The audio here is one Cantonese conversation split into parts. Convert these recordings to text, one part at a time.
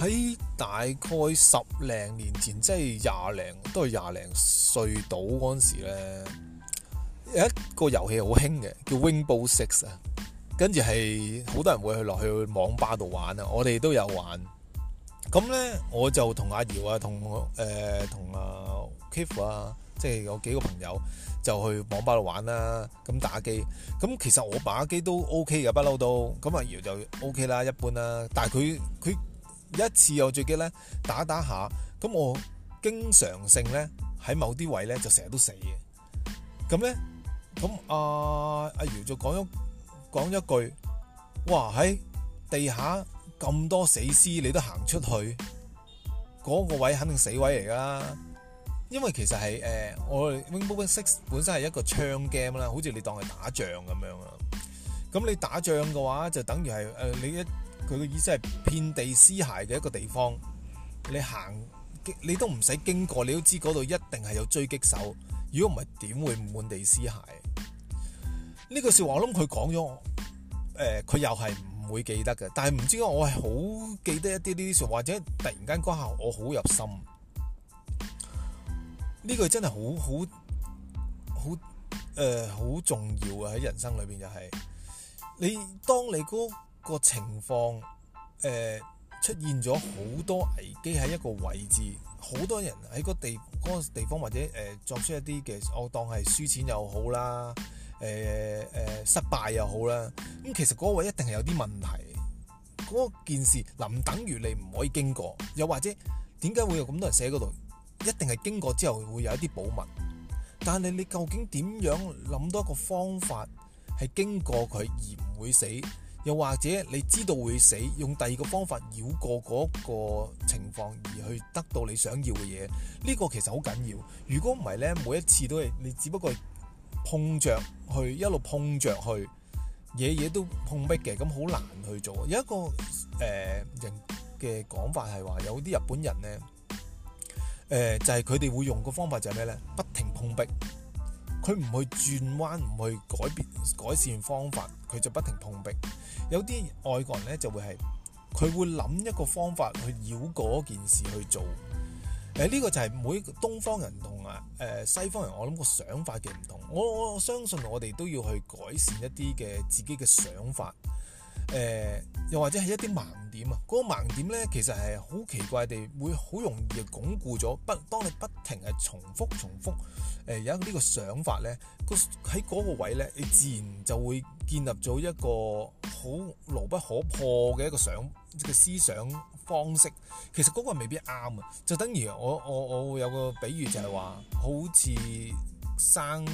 喺大概十零年前，即係廿零都係廿零歲到嗰陣時咧，有一個遊戲好興嘅，叫《Rainbow Six》啊。跟住係好多人會去落去網吧度玩啊。我哋都有玩。咁咧，我就同阿姚啊，同誒同啊 Kiva 啊，即係有幾個朋友就去網吧度玩啦。咁打機，咁其實我打機都 OK 嘅，不嬲都。咁阿姚就 OK 啦，一般啦。但係佢佢。一次又最激咧，打打下，咁我經常性咧喺某啲位咧就成日都死嘅。咁咧，咁阿阿姚就講咗講一句：哇喺、哎、地下咁多死屍，你都行出去，嗰、那個位肯定死位嚟噶啦。因為其實係誒、呃，我哋 Rainbow Six 本身係一個槍 game 啦，好似你當係打仗咁樣啊。咁你打仗嘅話，就等於係誒、呃、你一。佢嘅意思係遍地屍骸嘅一個地方，你行，你都唔使經過，你都知嗰度一定係有狙擊手。如果唔係，點會滿地屍骸？呢句說話，我諗佢講咗，誒、呃，佢又係唔會記得嘅。但係唔知點解我係好記得一啲呢啲說話，或者突然間嗰下我好入心。呢句真係好好好誒，好、呃、重要啊！喺人生裏邊，就係你當你個情況誒、呃、出現咗好多危機喺一個位置，好多人喺個地、那個嗰個地方或者誒、呃、作出一啲嘅，我當係輸錢又好啦，誒、呃、誒、呃、失敗又好啦。咁、嗯、其實嗰位一定係有啲問題，嗰件事，唔、呃、等於你唔可以經過，又或者點解會有咁多人寫嗰度。一定係經過之後會有一啲保密。但係你究竟點樣諗到一個方法係經過佢而唔會死？又或者你知道會死，用第二個方法繞過嗰個情況，而去得到你想要嘅嘢。呢個其實好緊要。如果唔係咧，每一次都係你，只不過碰着去一路碰着去，嘢嘢都碰壁嘅，咁好難去做。有一個誒人嘅講法係話，有啲日本人呢，呃、就係佢哋會用個方法就係咩呢？不停碰壁。佢唔去轉彎，唔去改變改善方法，佢就不停碰壁。有啲外國人咧就會係佢會諗一個方法去繞過件事去做。誒、呃、呢、這個就係每東方人同啊誒西方人我諗個想法嘅唔同。我我相信我哋都要去改善一啲嘅自己嘅想法。誒、呃、又或者係一啲盲點啊？嗰個盲點咧，其實係好奇怪地會好容易嘅鞏固咗。不，當你不停係重複重複，誒、呃、有呢個想法咧，個喺嗰個位咧，你自然就會建立咗一個好牢不可破嘅一個想嘅思想方式。其實嗰個未必啱啊！就等於我我我會有個比喻就，就係話好似生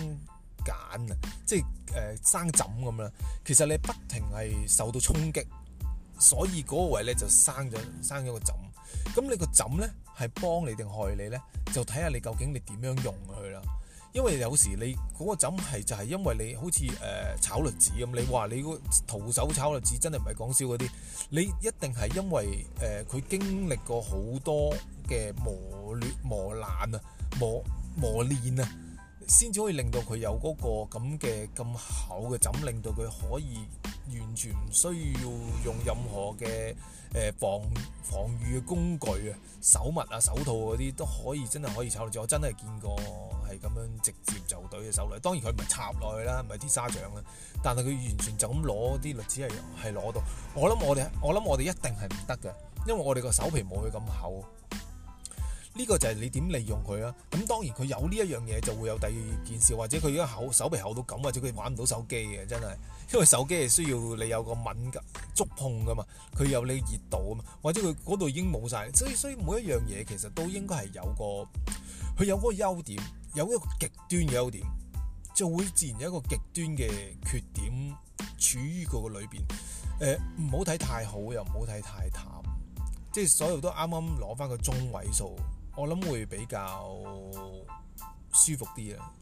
繭啊，即係誒、呃、生枕咁啦。其實你不停係受到衝擊。所以嗰個位咧，就生咗生咗個枕，咁你個枕咧係幫你定害你咧？就睇下你究竟你點樣用佢啦。因為有時你嗰、那個枕係就係因為你好似誒、呃、炒栗子咁，你話你個徒手炒栗子真係唔係講笑嗰啲，你一定係因為誒佢、呃、經歷過好多嘅磨煉磨難啊磨磨練啊，先至、啊、可以令到佢有嗰個咁嘅咁厚嘅枕，令到佢可以。完全唔需要用任何嘅誒防防禦嘅工具啊，手襪啊、手套嗰啲都可以，真係可以攢落。我真係見過係咁樣直接就對嘅手裏。當然佢唔係插落去啦，唔係啲沙掌啦，但係佢完全就咁攞啲栗子係係攞到。我諗我哋，我諗我哋一定係唔得嘅，因為我哋個手皮冇佢咁厚。呢個就係你點利用佢啦。咁當然佢有呢一樣嘢就會有第二件事，或者佢而家厚手臂厚到咁，或者佢玩唔到手機嘅，真係。因為手機係需要你有個敏感觸碰㗎嘛，佢有你熱度啊嘛，或者佢嗰度已經冇晒。所以所以每一樣嘢其實都應該係有個佢有嗰個優點，有一個極端嘅優點，就會自然有一個極端嘅缺點處於嗰個裏邊。唔好睇太好又唔好睇太淡，即係所有都啱啱攞翻個中位數。我諗會比較舒服啲啊！